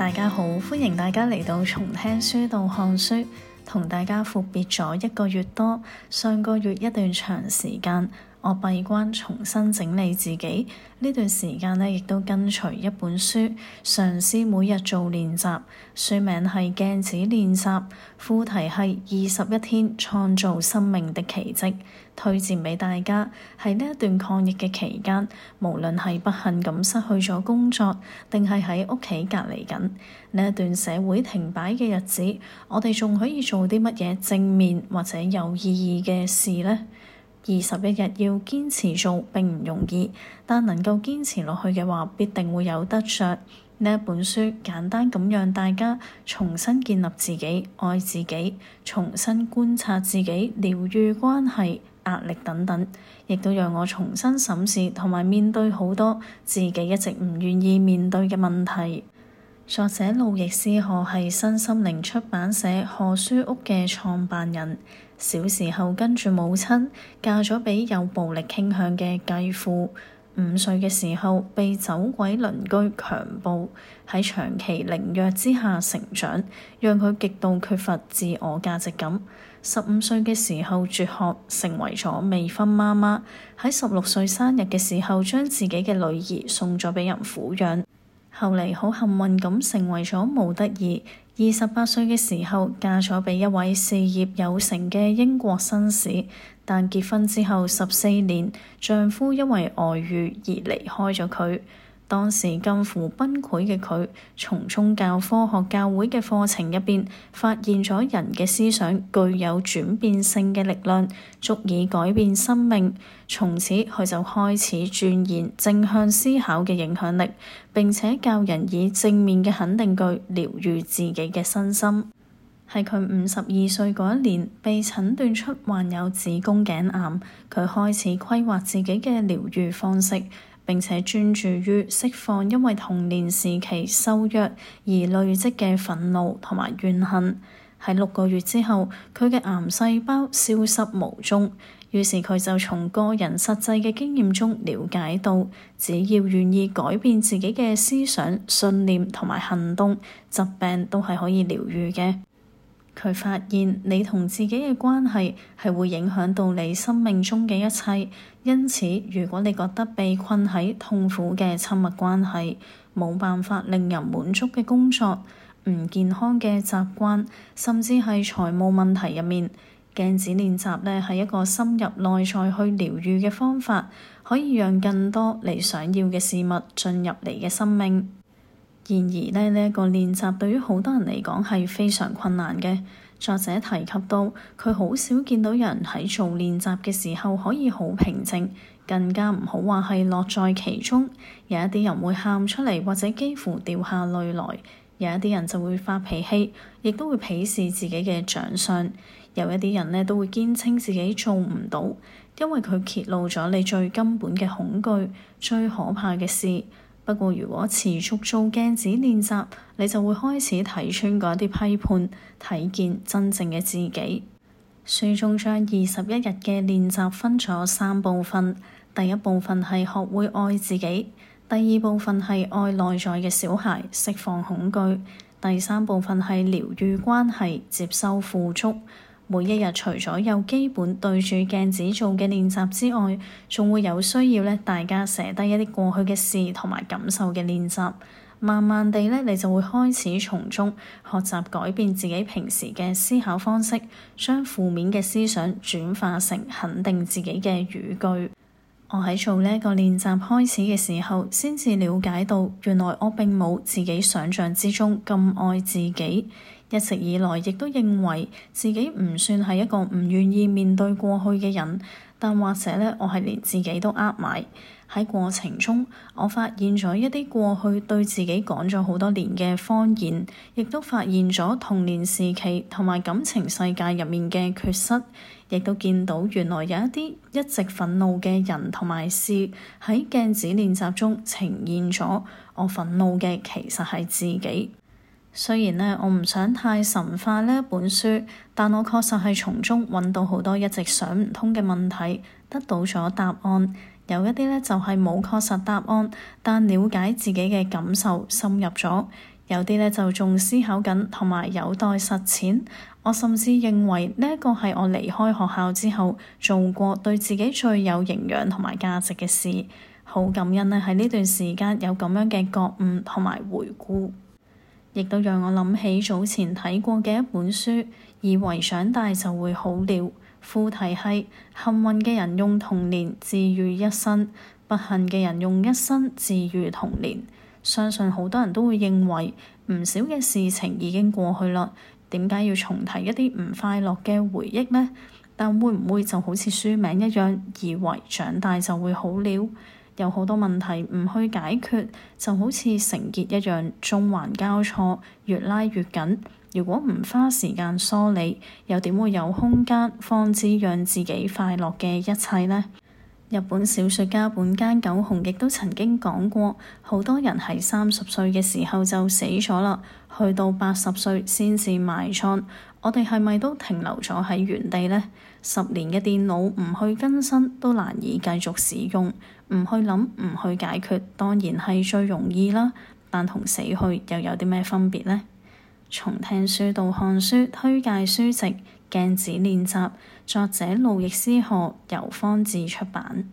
大家好，歡迎大家嚟到從聽書到看書，同大家闊別咗一個月多，上個月一段長時間。我閉關重新整理自己，呢段時間呢，亦都跟隨一本書，嘗試每日做練習。書名係鏡子練習，副題係二十一天創造生命的奇蹟，推薦畀大家。喺呢一段抗疫嘅期間，無論係不幸咁失去咗工作，定係喺屋企隔離緊呢一段社會停擺嘅日子，我哋仲可以做啲乜嘢正面或者有意義嘅事呢？二十一日要堅持做並唔容易，但能夠堅持落去嘅話，必定會有得着。呢一本書簡單咁讓大家重新建立自己、愛自己、重新觀察自己、療愈關係、壓力等等，亦都讓我重新審視同埋面對好多自己一直唔願意面對嘅問題。作者路易斯河係新心靈出版社何書屋嘅創辦人。小時候跟住母親嫁咗畀有暴力傾向嘅繼父，五歲嘅時候被走鬼鄰居強暴，喺長期凌虐之下成長，讓佢極度缺乏自我價值感。十五歲嘅時候輟學成為咗未婚媽媽，喺十六歲生日嘅時候將自己嘅女兒送咗畀人撫養，後嚟好幸運咁成為咗模特兒。二十八歲嘅時候嫁咗畀一位事業有成嘅英國紳士，但結婚之後十四年，丈夫因為外遇而離開咗佢。當時近乎崩潰嘅佢，從宗教、科學、教會嘅課程入邊，發現咗人嘅思想具有轉變性嘅力量，足以改變生命。從此，佢就開始鑽研正向思考嘅影響力，並且教人以正面嘅肯定句療癒自己嘅身心。喺佢五十二歲嗰一年，被診斷出患有子宮頸癌，佢開始規劃自己嘅療癒方式。並且專注於釋放因為童年時期受虐而累積嘅憤怒同埋怨恨，喺六個月之後，佢嘅癌細胞消失無蹤。於是佢就從個人實際嘅經驗中了解到，只要願意改變自己嘅思想、信念同埋行動，疾病都係可以療癒嘅。佢發現你同自己嘅關係係會影響到你生命中嘅一切，因此如果你覺得被困喺痛苦嘅親密關係、冇辦法令人滿足嘅工作、唔健康嘅習慣，甚至係財務問題入面，鏡子練習呢係一個深入內在去療癒嘅方法，可以讓更多你想要嘅事物進入你嘅生命。然而呢，呢、呢個練習對於好多人嚟講，係非常困難嘅。作者提及到，佢好少見到人喺做練習嘅時候可以好平靜，更加唔好話，係樂在其中。有一啲人會喊出嚟，或者幾乎掉下淚來，有一啲人就會發脾氣，亦都會鄙視自己嘅長相；有一啲人咧都會堅稱自己做唔到，因為佢揭露咗你最根本嘅恐懼，最可怕嘅事。不過，如果持續做鏡子練習，你就會開始睇穿嗰啲批判，睇見真正嘅自己。書中將二十一日嘅練習分咗三部分，第一部分係學會愛自己，第二部分係愛內在嘅小孩，釋放恐懼，第三部分係療愈關係，接受富足。每一日除咗有基本對住鏡子做嘅練習之外，仲會有需要咧，大家寫低一啲過去嘅事同埋感受嘅練習，慢慢地咧，你就會開始從中學習改變自己平時嘅思考方式，將負面嘅思想轉化成肯定自己嘅語句。我喺做呢個練習開始嘅時候，先至了解到原來我並冇自己想象之中咁愛自己。一直以來亦都認為自己唔算係一個唔願意面對過去嘅人，但或者呢，我係連自己都呃埋。喺過程中，我發現咗一啲過去對自己講咗好多年嘅謊言，亦都發現咗童年時期同埋感情世界入面嘅缺失。亦都見到原來有一啲一直憤怒嘅人同埋事喺鏡子練習中呈現咗。我憤怒嘅其實係自己。雖然呢，我唔想太神化呢一本書，但我確實係從中搵到好多一直想唔通嘅問題，得到咗答案。有一啲呢，就係冇確實答案，但了解自己嘅感受，深入咗。有啲呢就仲思考緊，同埋有待實踐。我甚至認為呢一個係我離開學校之後做過對自己最有營養同埋價值嘅事。好感恩呢、啊，喺呢段時間有咁樣嘅覺悟同埋回顧，亦都讓我諗起早前睇過嘅一本書，以為長大就會好了。副題係：幸運嘅人用童年治癒一生，不幸嘅人用一生治癒童年。相信好多人都會認為，唔少嘅事情已經過去啦，點解要重提一啲唔快樂嘅回憶呢？但會唔會就好似書名一樣，以為長大就會好了？有好多問題唔去解決，就好似繩結一樣，縱橫交錯，越拉越緊。如果唔花時間梳理，又點會有空間放置讓自己快樂嘅一切呢？日本小說家本間九雄亦都曾經講過，好多人喺三十歲嘅時候就死咗啦，去到八十歲先至埋葬。我哋係咪都停留咗喺原地呢？十年嘅電腦唔去更新，都難以繼續使用。唔去諗，唔去解決，當然係最容易啦，但同死去又有啲咩分別呢？從聽書到看書，推介書籍。鏡子練習，作者路易斯·何由方智出版。